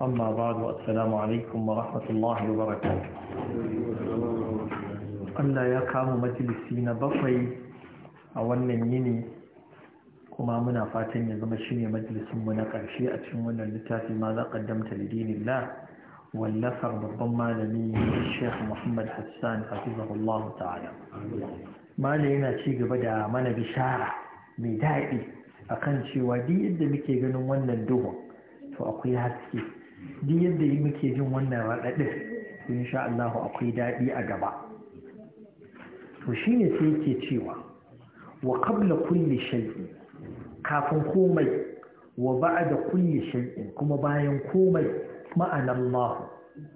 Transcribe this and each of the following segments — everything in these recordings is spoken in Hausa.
أما بعد والسلام عليكم ورحمة الله وبركاته Allah ya kama majalisi na bakwai a wannan yini kuma muna fatan ya zama shine majalisinmu na ƙarshe a cikin wannan littafi ma za ƙaddamta lidinillah wallafar babban malami Sheikh Muhammad Hassan hafizahullahu ta'ala. Mali yana ci gaba da mana bishara mai daɗi akan cewa duk yadda muke ganin wannan duhun to akwai haske duk yadda yi muke jin wannan raɗaɗin to insha Allah akwai daɗi a gaba to shine sai yake cewa wa qabla kulli shay'in kafin komai wa ba'da kulli shay'in kuma bayan komai ma'anar Allah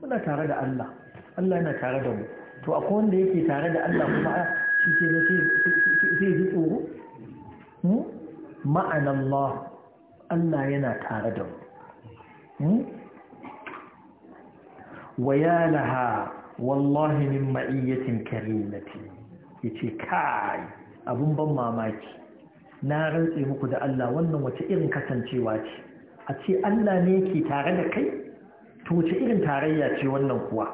muna tare da Allah Allah yana tare da mu to akwai wanda yake tare da Allah kuma shi ke sai ji tsoro hmm? ma'anar Allah Allah yana tare da mu hmm? waya laha wallahi min ma'iyyatin karimati yace kai abun ban mamaki na rantse muku da Allah wannan wace irin kasancewa ce a ce Allah ne yake tare da kai to wace irin tarayya ce wannan kuwa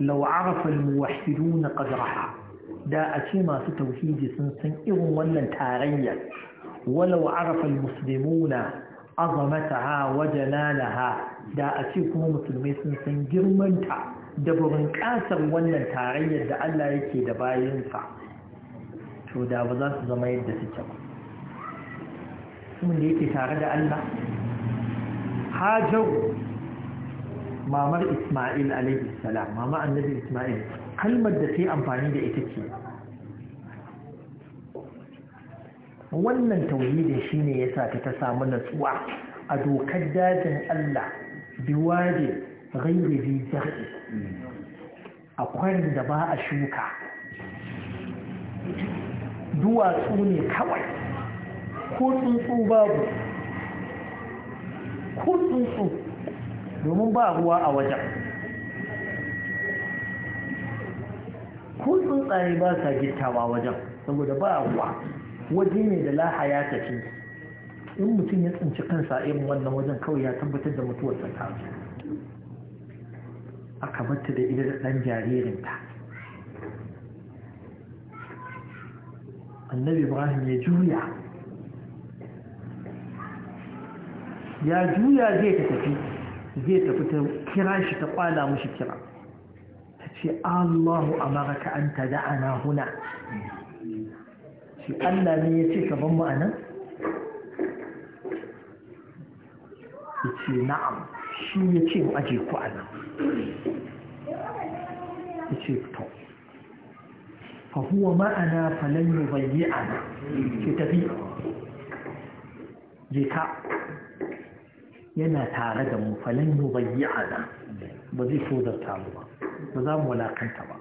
law arafa al-muwahhidun qadraha da a ce masu tauhidi sun san irin wannan tarayya walau arafa al-muslimuna azamataha wa jalalaha da a ce kuma musulmai sun san girmanta da burin kasar wannan tarayyar da Allah yake da bayansa to da ba za su zama yadda suke ba mun da yake tare da Allah hajar mamar Ismail alaihi salam mama annabi Ismail kalmar da sai amfani da ita ce wannan tauhidin shine yasa ta ta samu natsuwa a dokar dajin Allah biwade ghairi zar'i a akwai da ba a shuka duwatsu ne kawai ko tsuntsu babu ko tsuntsu domin ba ruwa a wajen ko tsuntsaye ba sa gittawa wajen saboda ba ruwa waje ne da lahaya ta ciki in mutum ya tsinci kansa a irin wannan wajen kawai ya tabbatar da mutuwarsa ta aka kamata da ita da ɗan jaririnta annabi ibrahim ya juya ya juya zai ta tafi zai tafi ta kira shi ta kwala mushi kira ta ce allahu maraka an ta da'ana huna shi allah ne ya ce ka ban mu a nan ya ce na'am shi ya ce in aje ku a nan ya ce to fahuwa ma'ana falon yi bayi a nan ke tafi je ka yana tare da mu falon yi bayi a nan ba zai so da tamu ba ba za mu walakanta ba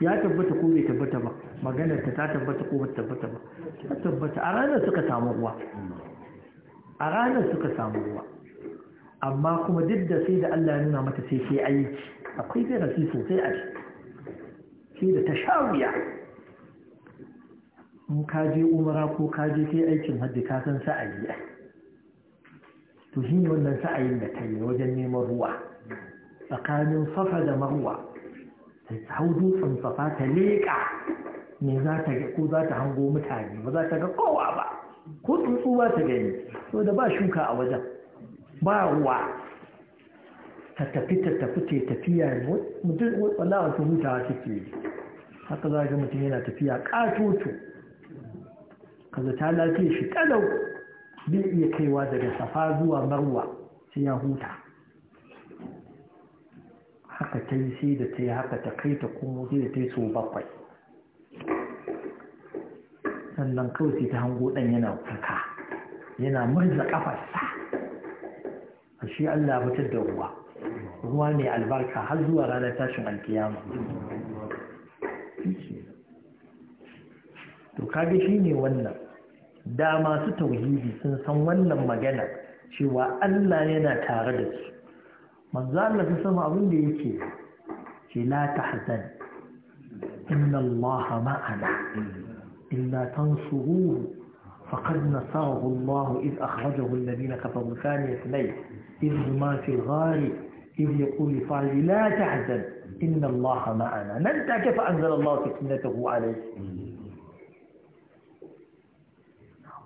ya tabbata ko bai tabbata ba maganar ta ta tabbata ko ba tabbata ba ta tabbata a ranar suka samu ruwa a ranar suka samu ruwa amma kuma duk da sai da Allah nuna mata sai sai aiki akwai darasi sosai a shi sai da ta sha wuya in ka je umara ko ka je kai aikin hajji ka san sa'ayi to shi ne wannan sa'ayin da ta yi wajen neman ruwa tsakanin safa da marwa ta hau dutsen safa ta leƙa ne za ta ko za ta hango mutane ba za ta ga kowa ba ko tsuntsu ba ta gani da ba shuka a wajen ba ruwa ta tafi ta tafi ta tafiya mutum wala wata hutawa take yi haka za ga mutum yana tafiya katoto kaza ta lafiya shi kalau bai iya kaiwa daga safa zuwa marwa sai ya huta haka ta yi sai da ta yi haka ta kai ta kuma sai da ta yi so bakwai sannan kawai sai ta hango ɗan yana kuka yana murza ƙafarsa a shi Allah fitar da ruwa ruwa ne albarka har zuwa ranar tashin alkiyama to kage shi ne wannan da masu tauhidi sun san wannan magana cewa Allah yana tare da su manzo Allah ta sama abin da yake ke la tahzan inna Allah ma'ana إلا تنصروه فقد نصره الله إذ أخرجه الذين كفروا ثاني اثنين إذ هما في الغار إذ يقول لصاحبه لا تحزن إن الله معنا ننتهى كيف أنزل الله سكنته عليه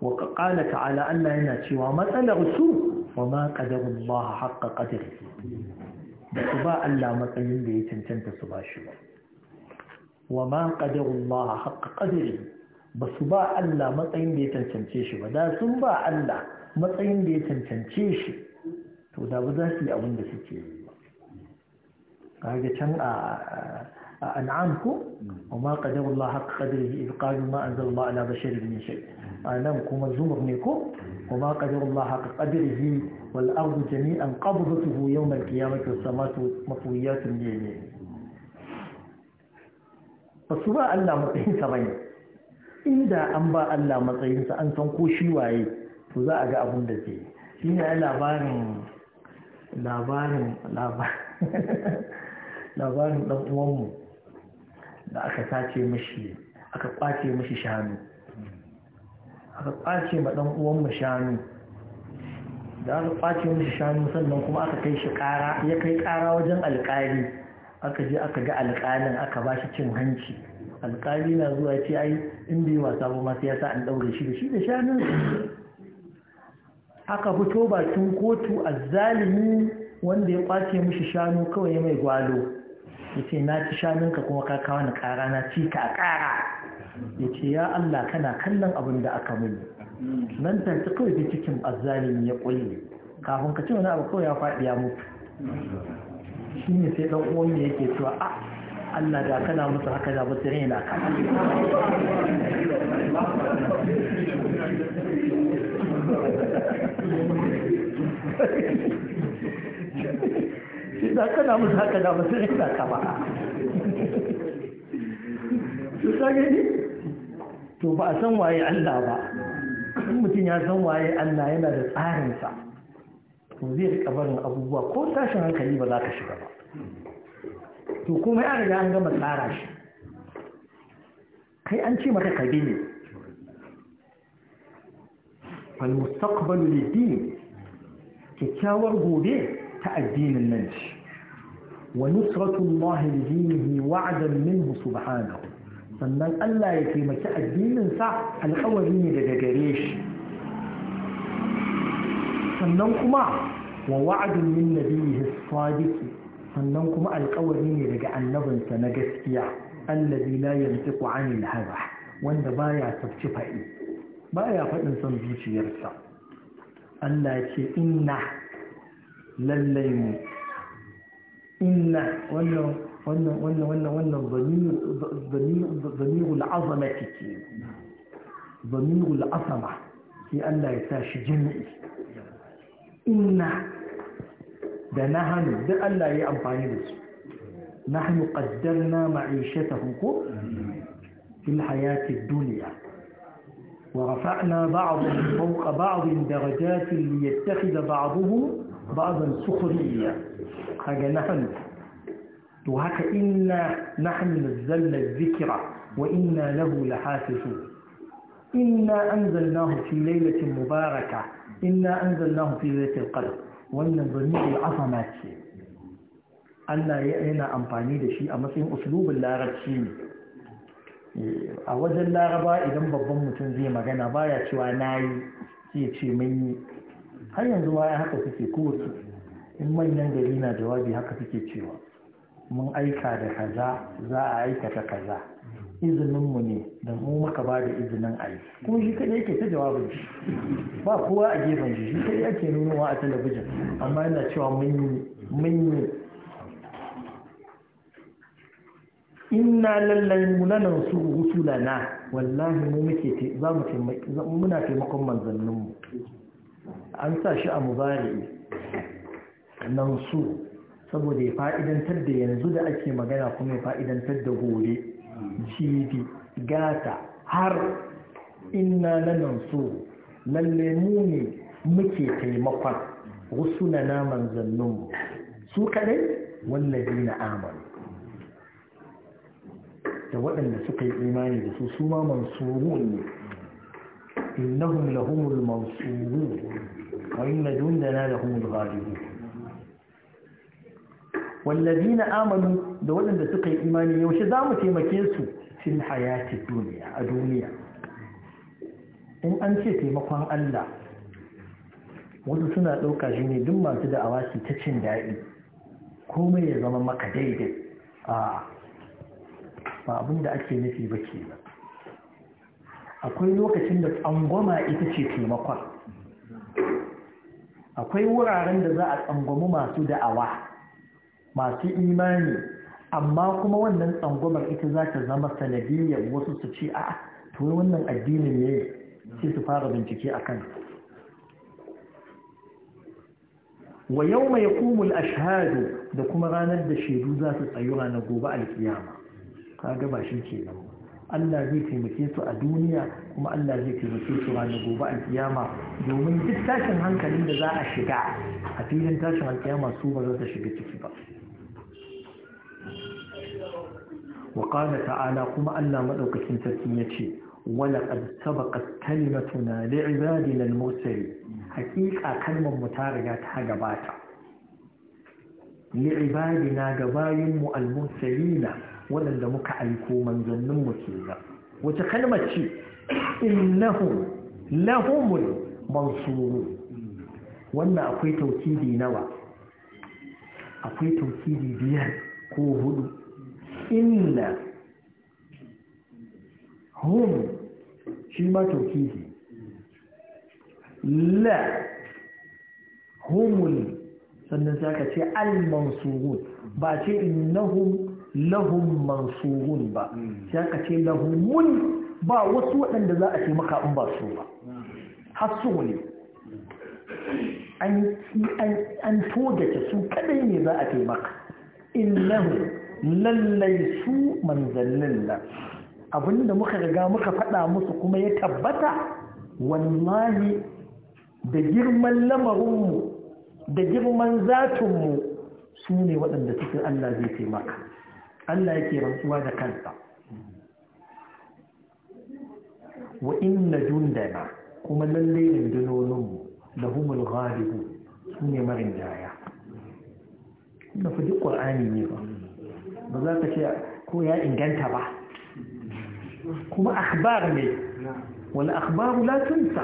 وقال تعالى ألا سوى مسألة رسول وما قدر الله حق قدره بسباء ألا مسألة بيتن تنتسبا شبا وما قدر الله حق قدره ba su ba Allah matsayin da ya cancance shi ba da sun ba Allah matsayin da ya cancance shi to da ba za su yi abin da suke yi ba kaga can a an'am ko wa ma qadara Allah haqqa qadrihi id qalu ma anzala Allah ala basharin min shay anan kuma zumur ne ko wa ma qadara Allah haqqa qadrihi wal ardu jami'an qabdatuhu yawm al qiyamati was samawati mafwiyatun bi yaminihi ba su ba Allah matsayin sa bane inda an ba Allah matsayinsa an san ko shi waye to za a ga abin da ke shi ne labarin labarin labarin uwanmu da aka sace mashi aka kwace mashi shanu aka kwace ma uwan mu shanu da aka kwace mashi shanu sannan kuma aka kai shi ƙara ya kai kara wajen alƙali aka je aka ga alƙalin aka ba shi cin hanci alƙali na zuwa ce ai in bai wasa ba masu yasa an ɗaure shi da shi da shanun aka fito bakin kotu a zalimi wanda ya kwace mishi shanu kawai ya mai gwalo ya ce na ci shanunka kuma ka kawo ƙara na ci ka ƙara ya ce ya Allah kana kallon abin da aka muni nan ta kawai da cikin zalimi ya ƙulle kafin ka ce wani abu kawai ya faɗi ya mutu shi ne sai ɗan uwan yake cewa a ah, Allah da kana musu haka da basu raina ka shi da kana musu haka da basu raina ka ba su sage ne to ba a san waye Allah ba in mutum ya san waye Allah yana da tsarinsa to zai rika barin abubuwa ko tashin hankali ba za ka shiga ba to kuma ya riga an gama tsara shi kai an ce maka kabi ne falmustaqbalu din kyakkyawar gobe ta addinin nan shi. wa nusratullahi lidinihi wa'dan minhu subhanahu sannan Allah ya taimaki addinin sa alƙawari ne daga gare shi sannan kuma wa wa'adin min nabiyhi as sannan kuma alkawari ne daga annabinsa na gaskiya allazi la yantiqu anil hawa wanda baya tafci faɗi baya faɗin son zuciyarsa Allah ya ce inna lallai mu inna wannan wannan wannan wannan wannan zamirul azama ke zamirul azama sai Allah ya sa shi jami'i inna ده nahanu ده Allah ya amfani da su nahnu qaddarna ma'ishatahu ko fil ورفعنا بعضهم فوق بعض درجات ليتخذ بعضهم بعضا سخريا هذا نحن وهكا إنا نحن نزلنا الذكر وإنا له لحافظون إنا أنزلناه في ليلة مباركة إنا أنزلناه في ليلة القدر wannan ne azama ce Allah yana amfani da shi a matsayin uslubin larabci ne eh, a wajen laraba idan babban mutum zai magana baya cewa nayi zai ce mun yi har yanzu ma haka suke kowace in manyan gari na jawabi haka suke cewa mun aika da kaza za a aikata kaza izininmu ne da mu muka ba da izinin a yi kuma shi kaɗai yake ta jawabin shi ba kowa a gefen shi shi kaɗai ake nunawa a talabijin amma yana cewa mun yi inna lallai nan su na wallahi mu muke za mu muna taimakon manzanninmu an sa shi a mubari nan su saboda ya fa'idantar da yanzu da ake magana kuma ya fa'idantar da gobe jibi gata har inna na nan so lalle mu ne muke taimakon rusuna na zannun? su kadai wallazi na Amadu. da waɗanda suka yi imani da su su ma mansuru ne innahum lahumul mansuru wa inna jundana lahumul ghalibun na amalu da waɗanda suka yi imani yaushe za mu taimake su cin hayati duniya a duniya in an ce taimakon Allah wasu suna ɗauka shi ne duk masu da'awa ta cin daɗi komai ya zama maka daidai a ba abin da ake nufi ba ke ba. akwai lokacin da tsangwama ita ce taimakon akwai wuraren da za a tsangwamu masu da'awa masu imani amma kuma wannan tsangwamar ita za ta zama sanadiyyar wasu su ce a to wannan addinin ne sai su fara bincike a kan wa yau mai kumul ashadu da kuma ranar da shaidu za su tsayu ranar gobe alkiyama ka gaba shi ke nan Allah zai taimake su a duniya kuma Allah zai taimake su ranar gobe alkiyama domin duk tashin hankalin da za a shiga a filin tashin alkiyama su ba za su shiga ciki ba وقال تعالى قم ألا ملوك سنسكية ولقد سبقت كلمتنا لعبادنا المرسلين حقيقة كلمة متارجة هجباتا لعبادنا جبايم المرسلين ولن دمك أيكو من ظنن مكينا وتكلمة شيء إنهم لهم المنصورون wannan akwai taukidi nawa akwai taukidi biyar ko hudu inna hum shi ma taukihi la humul sannan za ka ce al-mansurun ba ce innahum lahum mansurun ba za ka ce lahumun ba wasu waɗanda za a ce maka in ba su ba hasu ne an todace su kadai ne za a taimaka innahu lallai su manzannin nan abinda muka riga muka faɗa musu kuma ya tabbata wallahi da girman lamarinmu da girman zatinmu su ne waɗanda cikin Allah zai taimaka Allah yake rantsuwa da kansa wa inna jundana kuma lallai rundunoninmu da humul ghalibu su ne marin jaya Na fi duk ƙwar'ani ne ba ba za ka ce ko ya inganta ba kuma akhbar ne wani akhbar la tunsa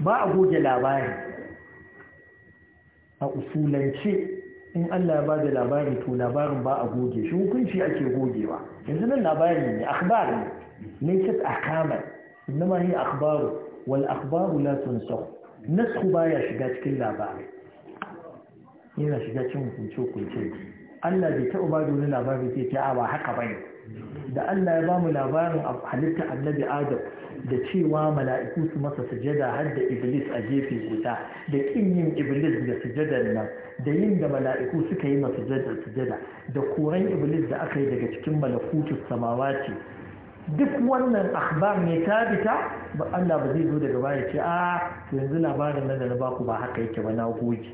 ba a goge labari a usulance in Allah ya ba da labari to labarin ba a goge shi hukunci ake gogewa yanzu nan labari ne akhbar ne laysat ahkama innama hi akhbaru wal akhbaru la tunsakh nasxu baya shiga cikin labari yana shiga cikin hukunce hukunce Allah bai taɓa ba da wani labari zai a ba haka bane da Allah ya bamu mu labarin halitta annabi Adam da cewa mala'iku su masa sujada har da Iblis a gefe guda da kin yin Iblis da sujadar nan da yin da mala'iku suka yi masa sujada da koran Iblis da aka yi daga cikin malakutus samawati duk wannan akhbar ne tabita ba Allah ba zai zo daga baya ce a yanzu labarin nan da na baku ba haka yake ba na goge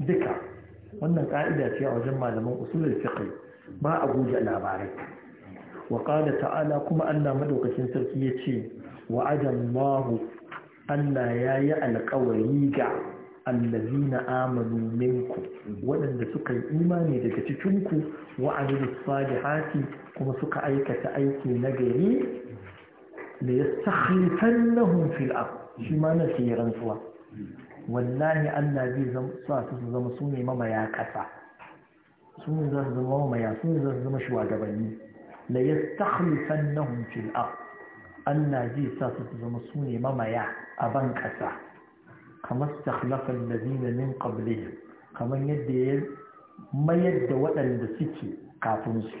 duka wannan ka'ida ce a wajen malaman usulul fiqh ba a goge labarai wa qala ta'ala kuma Allah madaukakin sarki yace wa adallahu Allah yayi alƙawari ga allazina amanu minku waɗanda suka yi imani daga cikinku wa amilus salihati kuma suka aikata aiki na gari da ya sakhlifan fil ard shi ma na siran wallahi Allah zai sa su su zama su ne mamaya ƙasa su ne za su zama mamaya su ne za su zama shugabanni la yastakhlifannahum fil ard Allah zai sa su su zama su ne mamaya a ban ƙasa kamar stakhlafa alladhina min qablihim kamar yadda ya mayar da waɗanda suke kafin su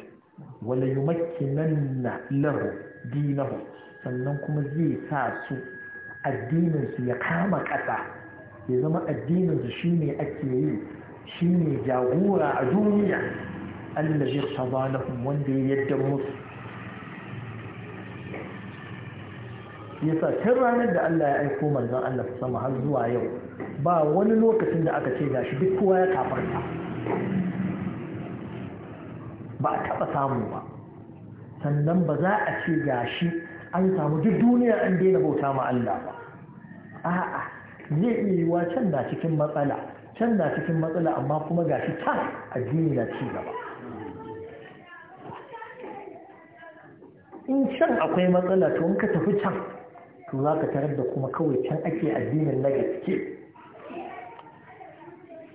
wala yumakkinanna lahu dinahu sannan kuma zai sa su addinin su ya kama ƙasa ya zama addinin su shi ne ake yi shi ne jagora a duniya allah zai wanda ya yadda musu yasa tun ranar da allah ya aiko manzon allah sama har zuwa yau ba wani lokacin da aka ce gashi duk kowa ya kafarta ba a taɓa samu ba sannan ba za a ce gashi an samu duk duniya an daina bauta ma Allah ba a'a zai iya yiwa can na cikin matsala can na cikin matsala amma kuma gashi ta addini na ci gaba in can akwai matsala to ka tafi can to za ka tarar da kuma kawai can ake addinin na gaske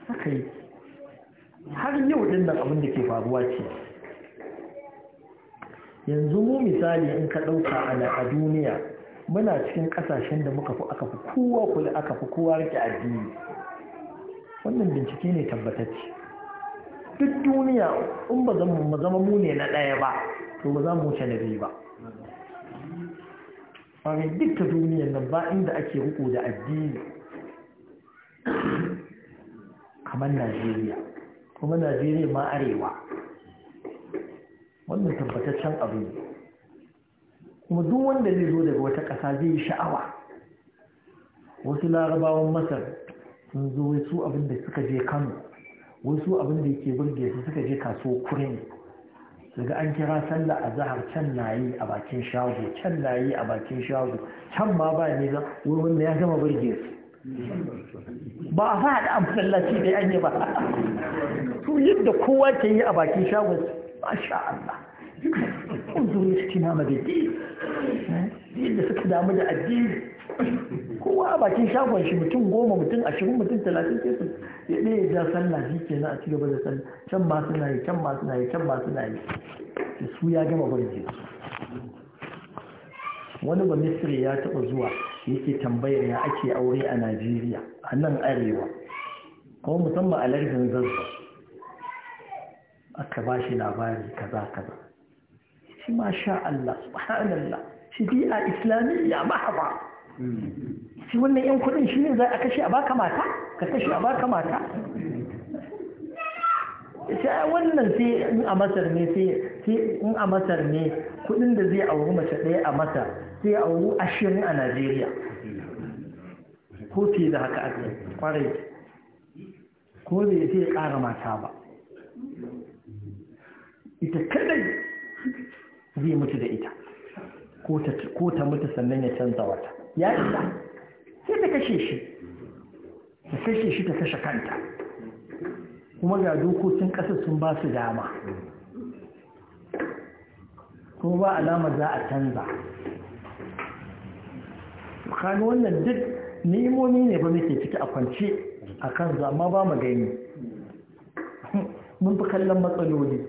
haka yi har yau din nan abin da ke faruwa ce yanzu mu misali in ka ɗauka a duniya muna cikin kasashen da muka fi aka fi kowa kula aka fi kowa rike addini wannan bincike ne tabbatacce duk duniya in ba zama zama mu ne na ɗaya ba to ba za mu wuce na biyu ba wani duk ta duniyar nan ba inda ake riko da addini kamar najeriya kuma najeriya ma arewa wannan tabbataccen abu ne kuma duk wanda zai zo daga wata ƙasa zai yi sha'awa wasu larabawan masar sun zo wasu abin da suka je kano wasu abin da yake burge su suka je kaso kurin daga an kira sallah a zahar can layi a bakin shago can layi a bakin shago can ma ba ne za wurin da ya gama burge su ba a haɗa a masallaci da yanke ba su yadda kowa ke yi a bakin shago masha Allah na ihtimama bil yin da suka damu da addini kowa a bakin shagon shi mutum goma mutum ashirin mutum talatin sai su ya ɗaya ja sallah shi ke a cigaba da sallah can ma suna yi can ma suna yi can ma suna yi da su ya gama barje su wani ba misri ya taɓa zuwa yake tambayar ya ake aure a najeriya a nan arewa kuma musamman a lardin zazza aka ba shi labari kaza kaza shi ma sha Allah subhanallah a islamiyya mahaba shi wannan yan kudin shi ne za a kashe a baka mata ka kashe a baka mata sai wannan sai in a masar ne sai in a masar ne kudin da zai auri mace ɗaya a masar sai auri ashirin a najeriya ko fiye da haka ake kwarai ko zai sai ƙara mata ba ita kadai zai mutu da ita ko ta mutu sannan ya canza wata ya isa sai ta kashe shi ta kashe shi ta kashe kanta kuma ga dokokin ƙasa sun ba su dama kuma ba alama za a canza Kano wannan duk nemoni ne ba muke ciki a kwance a kan zama ba mu gani mun fi kallon matsaloli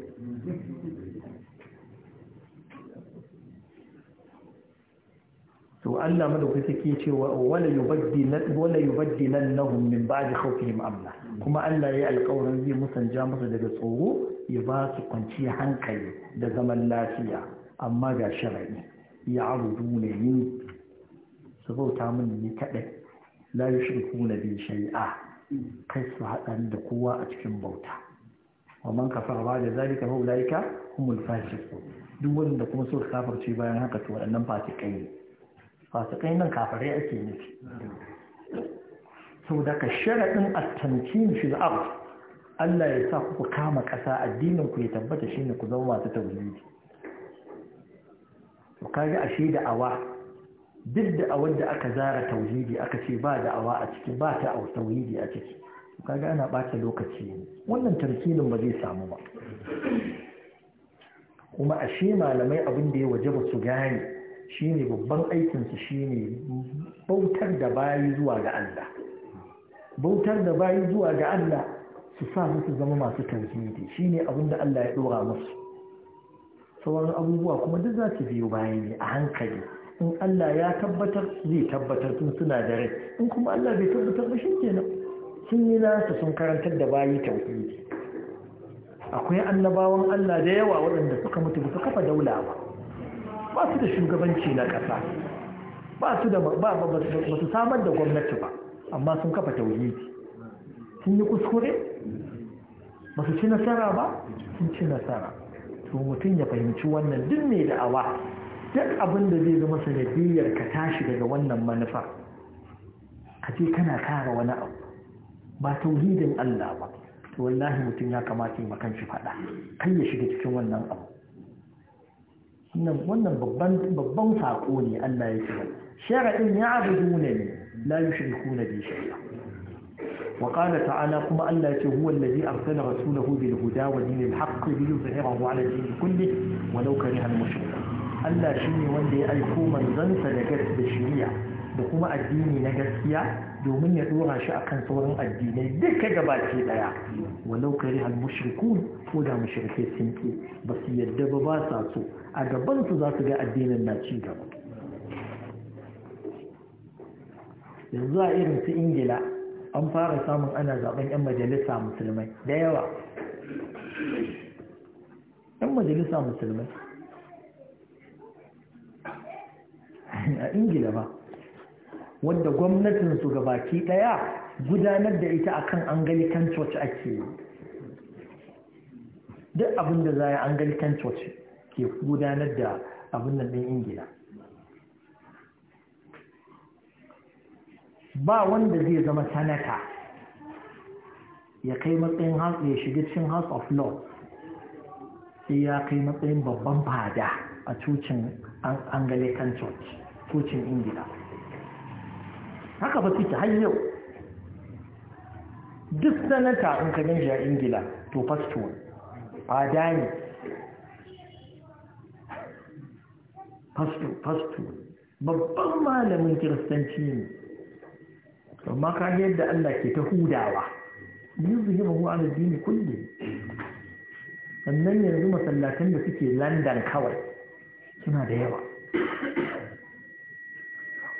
Allah madaukaki ke cewa wala yubaddilan wala yubaddilannahum min ba'di khawfihim amna kuma Allah ya alƙawarin zai musanja musu daga tsoro ya ba su hankali da zaman lafiya amma ga sharadi ya abudu ne ni su bauta min ni kadai la yushrikuna bi shay'a kai su haɗa da kowa a cikin bauta ومن كفر بعد ذلك فأولئك هم الفاسقون Duk wanda kuma suka kafirce bayan haka to waɗannan fasikai ne fasikai nan kafare ake nufi sau daga sharaɗin attancin fil'ar Allah ya sa ku kama ƙasa addinin ku ya tabbata shi ne ku zama masu tauhidi ku kaga ashe da awa duk da awar aka zara tauhidi aka ce ba da awa a ciki ba ta awa a ciki ku kaga ana ɓata lokaci ne wannan tarkilin ba zai samu ba kuma ashe malamai abin da ya waje ba su gane shine babban aikinsu shine bautar da bayi zuwa ga Allah bautar da bayi zuwa ga Allah su sa musu zama masu tauhidi shine abin da Allah ya ɗora musu sauran abubuwa kuma duk za su biyo baya ne a hankali in Allah ya tabbatar zai tabbatar tun suna da rai in kuma Allah bai tabbatar ba shi kenan sun yi nasu sun karantar da bayi tauhidi akwai annabawan Allah da yawa waɗanda suka mutu ba su kafa daula ba ba su da shugabanci na ƙasa ba su da ba su samar da gwamnati ba amma sun kafa tauhidi sun yi kuskure ba su ci nasara ba sun ci nasara to mutum ya fahimci wannan duk mai awa, duk abin da zai zama sanadiyar ka tashi daga wannan manufa ka ce kana kara wani abu ba tauhidin Allah ba to wallahi mutum ya kamata ya makanci faɗa kai ya shiga cikin wannan abu wannan babban saƙo sako ne Allah ya ce shar'in ya'buduna ne la na bi shay'a wa qala ta'ala kuma Allah ya ce huwa allazi arsala rasulahu bil huda wa dinil haqq li yuzhirahu 'ala din kulli walau kariha al mushrikun Allah shine wanda ya aiko manzansa da gaskiya da kuma addini na gaskiya domin ya dora shi a kan sauran addinai duka gabaki daya walau kari hal mushrikun ko da mushrike sun ke ba su yadda ba ba sa so a gaban su za su ga addinin na ci gaba yanzu a irin su ingila an fara samun ana zaben yan majalisa musulmai da yawa yan majalisa musulmai a ingila ba wanda gwamnatinsu gabaki ɗaya gudanar da ita akan angalikan coci ake yi duk abin da za a yi angalikan coci ke gudanar da abin nan ɗin ingila ba wanda zai zama sanata ya kai matsayin ya shiga cikin house of law sai ya kai matsayin babban fada a cocin angalikan coci cocin ingila haka ba suke har yau duk sanata in ka ganshi a ingila to fasto fada ne fasto fasto babban malamin kiristanci ne amma ka yadda allah ke ta hudawa yanzu yi mahu ala dini kulle sannan yanzu masallatan da suke london kawai suna da yawa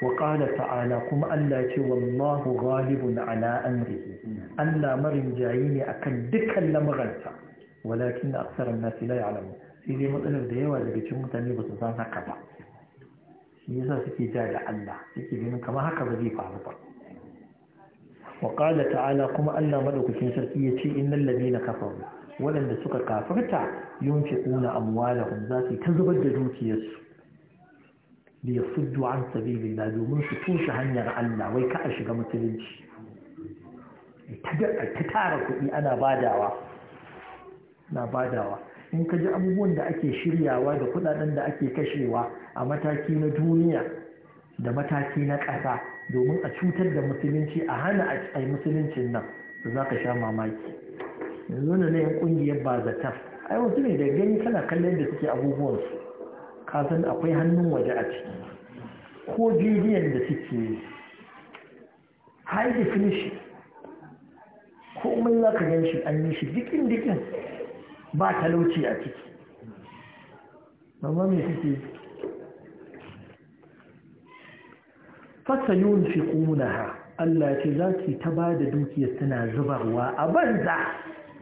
وقال تعالى كما ألا والله غالب على أمره ألا مرن جايين أكن دكا لمغنسا ولكن أكثر الناس لا يعلمون سيدي مطلب ديوة لكي متني بسطان هكذا يسا سكي جاجة الله سكي بمن كما هكذا ذي فعلبا وقال تعالى كما ألا ملك في سرقية إن الذين كفروا ولن سكا كافرتا ينفقون أموالهم ذاتي تزبد دوتي يسو da ya fuddu an domin su tushe hanyar Allah wai ka a shiga musulunci ta tara kuɗi ana badawa na badawa in ka ji abubuwan da ake shiryawa da kuɗaɗen da ake kashewa a mataki na duniya da mataki na ƙasa domin a cutar da musulunci a hana a musuluncin nan da za ka sha mamaki yanzu na ne ƙungiyar ba zata ai wasu ne da gani kana kallon da suke abubuwansu kasan akwai hannun waje a ciki ko bidiyon da suke yi high definition komai za ka gan shi an yi shi dikin dikin ba talauci a ciki mamma mai suke fasayun fi ƙunaha Allah ce za su ta ba da dukiya suna zubarwa a banza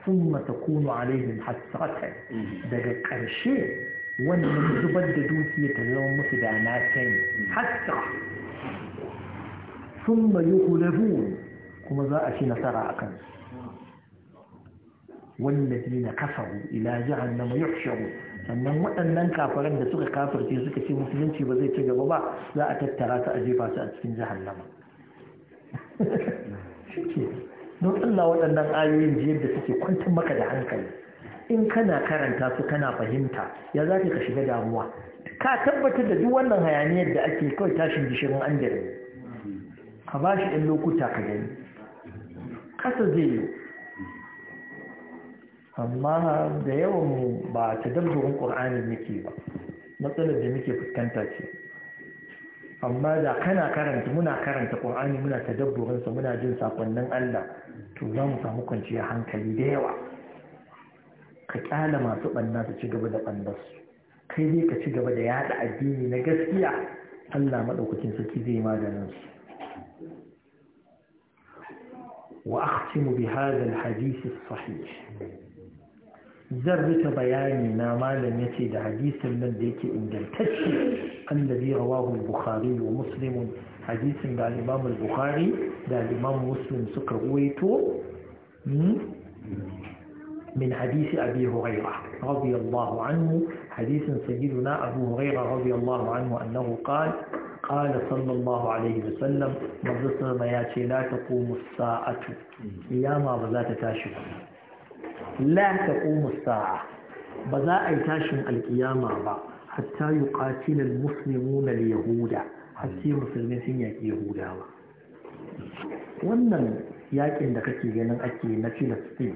sun matakunu alaihin hasratan mm-hmm. daga ƙarshe wannan zubar da dukiya ta zama musu da na sani hatta sun mayu hulabun kuma za a ci nasara a kafaru, والذين jihar na جهنم يحشروا sannan waɗannan kafaran da suka kafarce suka ce musulunci ba zai ci gaba ba za a tattara su a jefa su a cikin jihar nama. don Allah waɗannan ayoyin jiyar da suke kwantar maka da hankali in kana karanta su kana fahimta ya za ka shiga damuwa ka tabbatar da duk wannan hayaniyar da ake kawai tashin gishirin an da ka ba shi ɗan lokuta ka gani kasa zai yi amma da yawan ba ta dabbarin ƙur'ani muke ba matsalar da muke fuskanta ce amma da kana karanta muna karanta ƙur'ani muna ta muna jin sakonnin Allah to za mu samu kwanciyar hankali da yawa ka kyala masu ɓanna su ci gaba da ɓannarsu kai dai ka ci gaba da yaɗa addini na gaskiya Allah maɗaukakin sarki zai maganin su wa akhtimu bi hadha al-hadith as-sahih zan rika bayani na malam yace da hadisin nan da yake ingantacce annabi rawahu al-bukhari wa muslim hadisin da imam al-bukhari da al-imam muslim suka ruwaito hmm? من حديث أبي هريرة رضي الله عنه حديث سيدنا أبو هريرة رضي الله عنه أنه قال قال صلى الله عليه وسلم مضصنا ياتي لا تقوم الساعة قياما بذات تاشم لا تقوم الساعة بذا أي تاشم القيامة حتى يقاتل المسلمون اليهود حتى المسلمين سنية يهودا wannan yakin da kake ganin ake na Filistin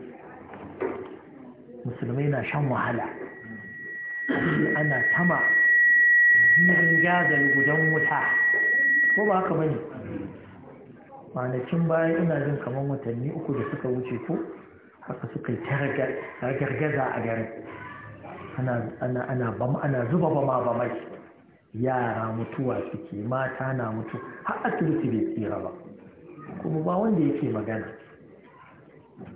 musulmai na shan wahala ana tama zirin gagar gudan wuta ko ba haka bane kwanakin baya ina jin kamar watanni uku da suka wuce ko haka suka yi ta gargaza a garin ana zuba bama mai, yara mutuwa suke mata na mutu har asibiti bai tsira ba kuma ba wanda yake magana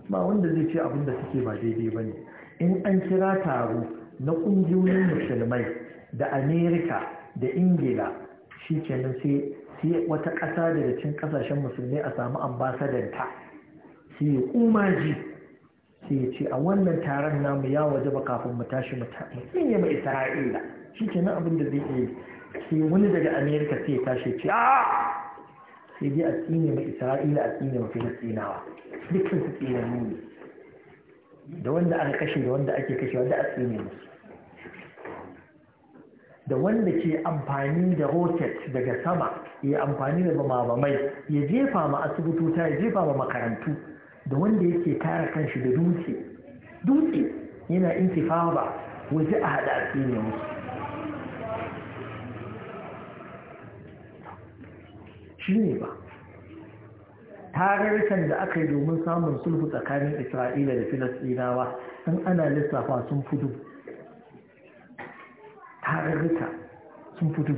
ba wanda zai ce abinda suke ba daidai ba ne in an kira taro na ƙungiyoyin musulmai da amerika da ingila shi kenan sai wata ƙasa daga cin ƙasashen musulmai a samu ambasadanta sai ya ji, sai ce a wannan taron namu ya waje ba kafin mu tashi mu tsinye mu isra'ila shi kenan abin da zai iya sai wani daga amerika sai ya tashi ce a sai dai a tsine mai isra'ila a tsine mai filistinawa dukkan su tsine ne da wanda aka kashe da wanda ake kashe wanda a tsine musu da wanda ke amfani da rocket daga sama ya amfani da bamabamai ya jefa ma asibitota ya jefa ma makarantu da wanda yake kare kanshi da dutse dutse yana intifaba waje a hada a tsine musu shi ne ba tarurrukan da aka yi domin samun sulhu tsakanin isra'ila da filistinawa in ana lissafa sun fudu tarurruka sun fudu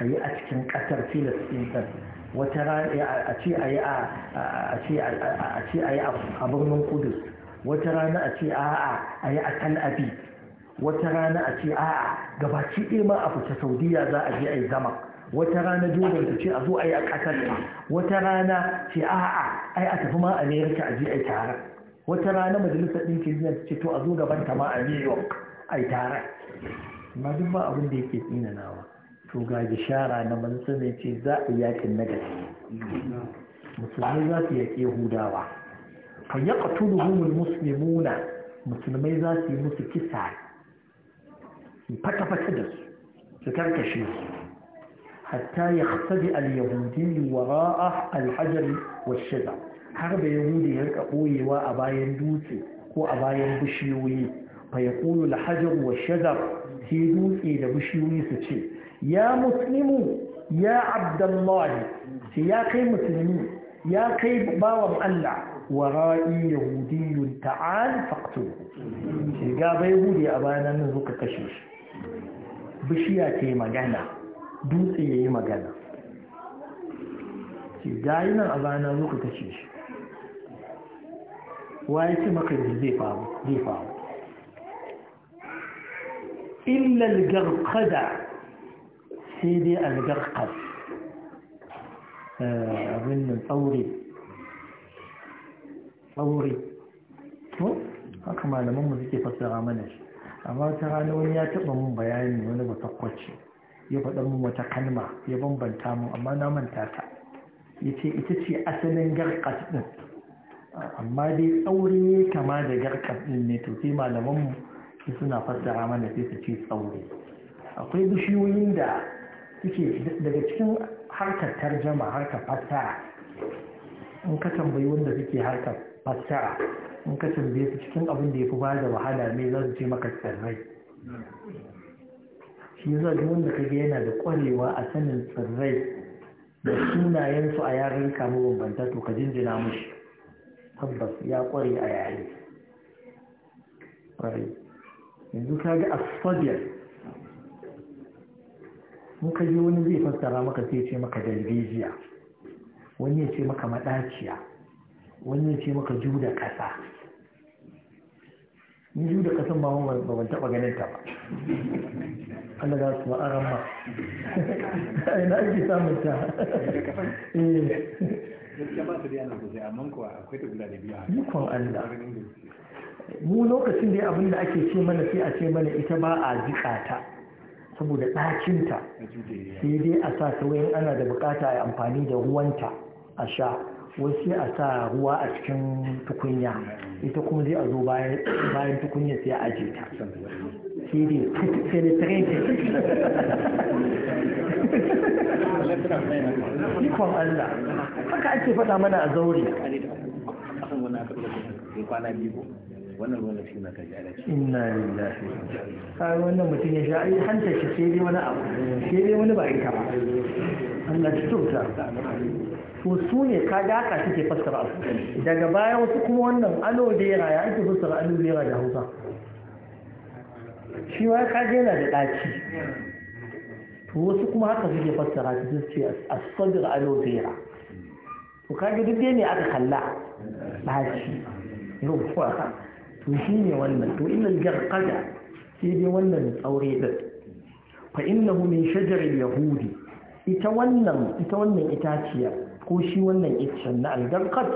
a yi a cikin ƙasar filistin wata a ce a yi a birnin kudus wata rana a ce a yi a tal abib wata rana a ce a gabaci ɗaya ma a fita saudiya za a je a yi zama wata rana jordan ta ce a zo a yi a ƙasar wata rana ce a'a ai a tafi ma america a je a yi taron wata rana majalisar ɗinkin duniya ta ce to a zo gaban ta ma a new york a yi taron amma duk ba abin da yake tsinanawa to ga bishara na manzo ne ce za a yakin na gaske musulmai za su yaƙi yahudawa fa yaqtuluhumul muslimuna musulmai za su yi musu kisa su fata-fata da su su karkashe su حتى يختبئ اليهودي وراء الحجر والشجر حرب يهودي هيك قوي وأباين دوتي وأباين بشيوي فيقول الحجر والشجر في دوتي لبشيوي ستشي يا مسلم يا عبد الله يا كي مسلم يا كي باوى مألع ورائي يهودي تعال فاقتله يا يهودي أبانا نزوك كشوش بشيا كي مجانا dutse ya yi magana ce gayi nan a bana zo ka kashe shi waye ce maka yanzu zai faru zai faru illa algarqada sai dai algarqad abin nan tsauri tsauri to haka malaman mu suke fassara mana shi amma ta rana wani ya taba mun bayani wani ba sakwace ya faɗa mu wata kalma ya bambanta mu amma na manta ta ya ce ita ce asalin garkas ɗin amma dai tsauri ne kama da garkas ɗin ne to sai malamanmu su suna fassara mana sai su ce tsauri. akwai bishiyoyin da suke daga cikin harkar tarjama harkar fassara in ka tambayi wanda suke harkar fassara in ka tambaye su cikin abin da ya fi ba da wahala ne za su ce maka tsirrai shi yasa duk wanda ga yana da kwarewa a sanin tsirrai da sunayensu a yaran kama bambanta to ka jinjina mushi tabbas ya kware a yare yanzu ka ga asfabiyar in ka je wani zai fassara maka sai ce maka dalbejiya wani ya ce maka maɗaciya wani ya ce maka juda ƙasa ni duk da kasan ba mun ba ban taba ganin ta ba Allah ga su a ramma ai na ji samun ta eh gaskiya ba su da yana amma ko akwai da biya Allah mu lokacin da abin da ake ce mana sai a ce mana ita ba a jikata saboda ta sai dai a sa ta wayan ana da bukata a amfani da ruwanta a sha wai sai a sa ruwa a cikin tukunya ita kuma zai a zo bayan tukunya sai a aje ta sai dai sai da tare ikon Allah haka ake faɗa mana a zaure wannan ruwan da na kaji ala inna lillahi kai wannan mutum ya sha ai hanta shi sai dai wani abu sai dai wani ba ita ba Allah ya tauta to su ne ka daka suke fassara abu daga baya wasu kuma wannan alo dera ya ake fassara alo dera da hausa shi ma ka yana da ɗaci to wasu kuma haka suke fassara su ce a asadir alo dera to ka ga duk dai ne aka kalla ɗaci yawwa to shi ne wannan to ina garkada sai dai wannan tsaure ɗin fa innahu min shajarar yahudi ita wannan ita wannan itaciyar ko shi wannan iccen na algarkat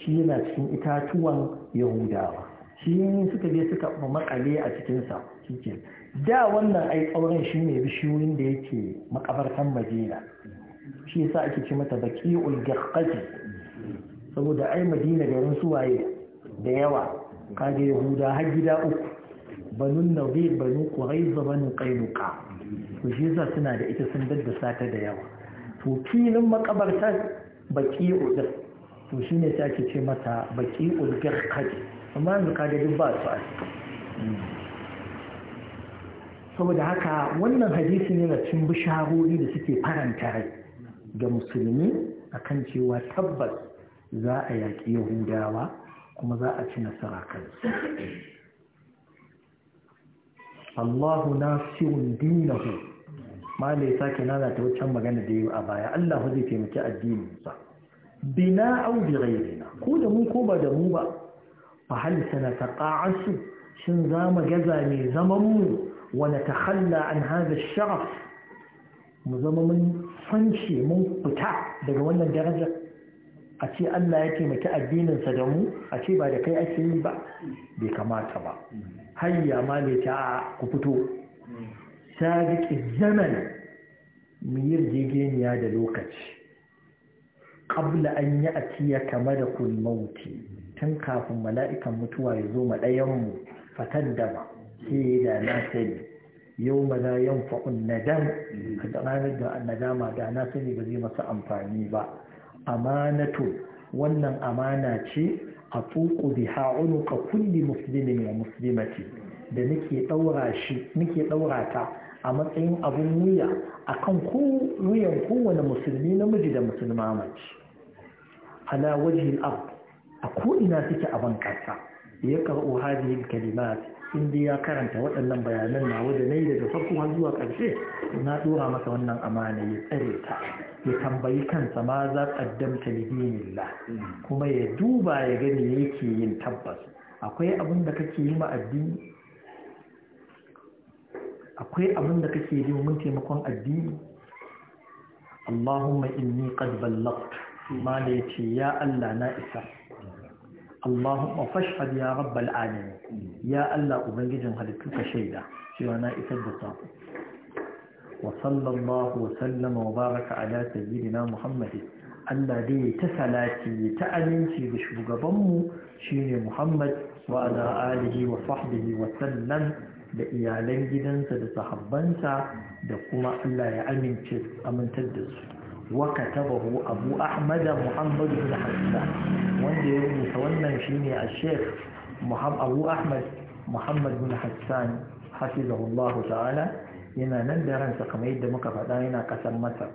shi yana cikin itatuwan yahudawa shi yin suka je suka makale a cikinsa cikin da wannan ai tsauran shi ne bishiyoyin da yake makabartan madina shi yasa ake ce mata baki ulgarkaji saboda ai madina garin suwaye da yawa kage yahuda har gida uku banun nabi banu quraiza banu qainuqa to shi yasa suna da ita sun daddasa ta da yawa to filin makabartar baki udin to shi ne ce mata baki udin kaji amma yanzu kaga duk ba su saboda haka wannan hadisi ne na cin bisharori da suke faranta rai ga musulmi akan cewa tabbas za a yaƙi yahudawa kuma za a ci nasara kansu Allahu nasirun dinahu ma ne sake nana ta wancan magana da yi a baya Allah zai taimaki addinin sa bina au bi ghayrina ko da mu ko ba da mu ba fa hal sanataqa'asu shin za mu gaza ne zaman mu ta natakhalla an haza sharaf mu zama mun fanci mun fita daga wannan darajar? a ce Allah ya taimaki addininsa da mu a ce ba da kai ake yi ba bai kamata ba hayya ma ne ta ku fito mm. sadiq zaman mu yi da lokaci qabla an ya'tiyaka kul mauti tun kafin mala'ikan mutuwa ya zo ma ɗayan mu fataddama sai da na sani yau ma la yanfa'un nadam a ranar da nadama da na sani ba zai masa amfani ba amanatu wannan amana ce a fuku ha'unu ka kulli musulmin wa musulmati, da nake daura shi nake daura ta a matsayin abun wuya akan wuyan kowane musulmi namiji da musulma mace ala wajhi al a ko ina suke a ban kasa ya qara'u hadhihi al-kalimat inda ya karanta waɗannan bayanan na wajen nai daga farko har zuwa ƙarshe na dora masa wannan amana ya tsare ta ya tambayi kansa ma za qaddamta lidinillah kuma ya duba ya gani yake yin tabbas akwai abin da kake yi ma addini akwai abin da kake yi taimakon addini Allahumma inni qad ballagtu mala ya ce ya Allah na isa Allahun mafashad ya rabbal ya Allah Ubangijin halittu ka shaida cewa na isar da saku wa sallallahu wa sallama wa baraka ala sayyidina Allah da ya ta salati ya ta aminci da shugabanmu shi ne Muhammad wa'aza alihi wa sahbihi da iyalan gidansa da sahabbansa da kuma Allah ya amince amintar da su. وكتبه أبو أحمد محمد بن حسان وندي متولى شيني الشيخ محمد أبو أحمد محمد بن حسان حفظه الله تعالى yana nan da ransa kamar yadda muka faɗa yana ƙasar masar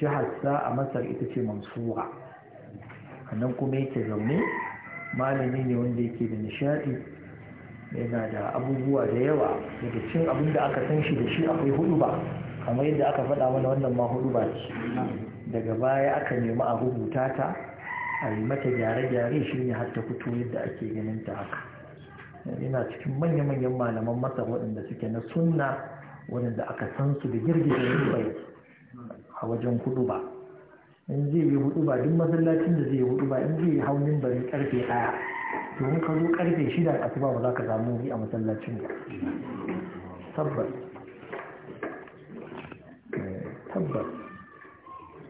jihar sa a masar ita ce mansura nan kuma yake zaune malami ne wanda yake da nishaɗi yana da abubuwa da yawa daga cin abin da aka san shi da shi akwai hudu ba kamar yadda aka faɗa mana wannan ma hudu ba ce daga baya aka nemi a rubuta ta a yi mata gyare-gyare shi ne har ta fito yadda ake ganin ta haka yana cikin manya-manyan malaman masar waɗanda suke na sunna waɗanda aka san su da girgiza bai a wajen hudu ba in zai yi hudu ba duk masallacin da zai yi hudu ba in zai yi haunin bari karfe ɗaya domin ka zo karfe shida a ba za ka samu wuri a masallacin ba tabbas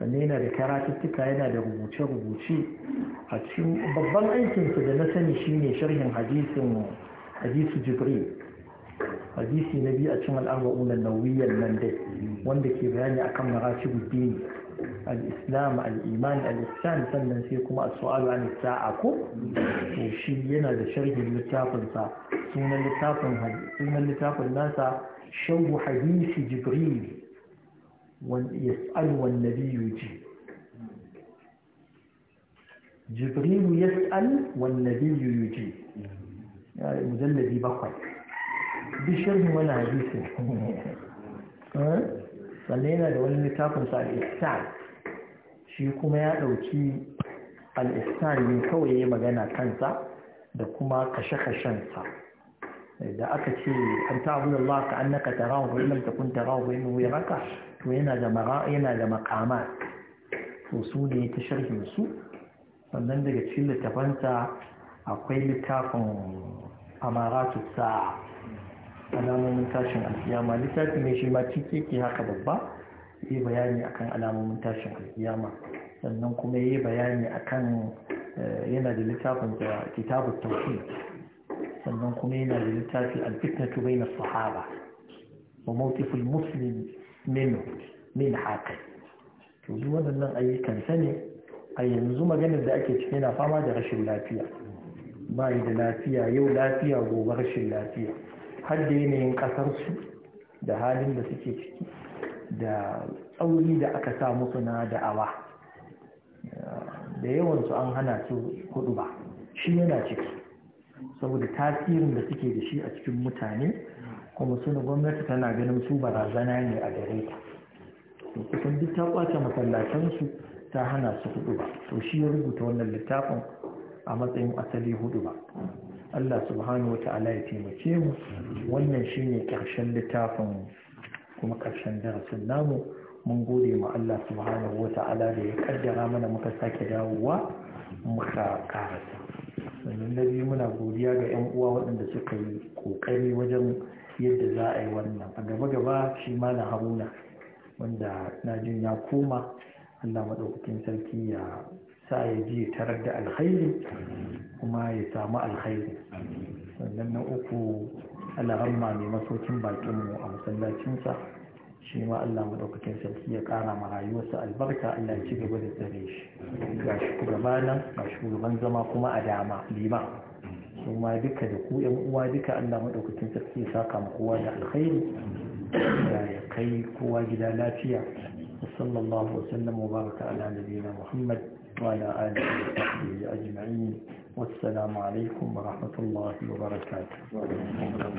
sannan yana da karatuttuka yana da rubuce-rubuce a cikin babban aikinsa da na sani shine sharhin hadisin hadisu jibri hadisi na biyu a cikin al'arba'un nauyiyar nan dai wanda ke bayani akan kan dini al-islam al-iman al sannan sai kuma as-su'alu an sa'a ko to shi yana da sharhin littafin sa sunan littafin sunan littafin nasa shawhu hadisi jibril Jibrilu والنبي يجيب جبريل يسأل والنبي يجيب bakwai, مجلدي بقي wani hadisi. Eh? Sannan yana da wani littafin sa shi kuma ya ɗauki al ne kawai yayi magana kansa da kuma kashe-kashen sa da aka ce an ta'budu Allah ka annaka tarahu wa illam kun tarahu wa innahu yaraka to yana da mara yana da makama to su ne ta sharhin su sannan daga cikin littafanta akwai littafin amaratu sa'a alamomin tashin alkiyama littafin ne shi ma cike ke haka babba yi bayani akan alamomin tashin alkiyama sannan kuma yi bayani akan eh, yana da littafin da kitabun tauhid sannan kuma yana da littafi alfitnatu na sahaba wa mawqiful muslim min min haka to duk waɗannan ayyukan sa a yanzu maganar da ake cikin na fama da rashin lafiya ba da lafiya yau lafiya gobe rashin lafiya har da yanayin ƙasarsu da halin da suke ciki da tsauri da aka sa musu na da'awa da yawansu an hana su kudu ba shi yana ciki saboda tasirin da suke da shi a cikin mutane Kuma suna gwamnati tana ganin su barazana ne a gare ta to kusan duk ta kwace masallatansu ta hana su hudu ba to shi ya rubuta wannan littafin a matsayin asali hudu ba Allah subhanahu wata'ala ya taimake mu wannan shine karshen littafin kuma karshen darasin namu mun gode ma Allah subhanahu wata'ala da ya kaddara mana muka sake dawowa muka karasa sannan na biyu muna godiya ga 'yan uwa waɗanda suka yi ƙoƙari wajen yadda za a yi wannan a gaba gaba shi ma na haruna wanda na jin ya koma allah maɗaukakin sarki ya sa ya ji ya tarar da alkhairi kuma ya samu alkhairi sannan na uku alhamma mai masaukin bakinmu a masallacinsa shi ma Allah maɗaukakin sarki ya ƙara ma rayuwarsa albarka Allah ya ci gaba da tsare shi ga shugabanan ga shugaban zama kuma a dama lima su ma duka da ku yan uwa duka Allah madaukakin sarki ya saka mu kowa da alkhairi ya kai kowa gida lafiya sallallahu wa sallam wa baraka ala nabiyina Muhammad wa ala alihi wa sahbihi ajma'in wassalamu alaikum wa rahmatullahi wa barakatuh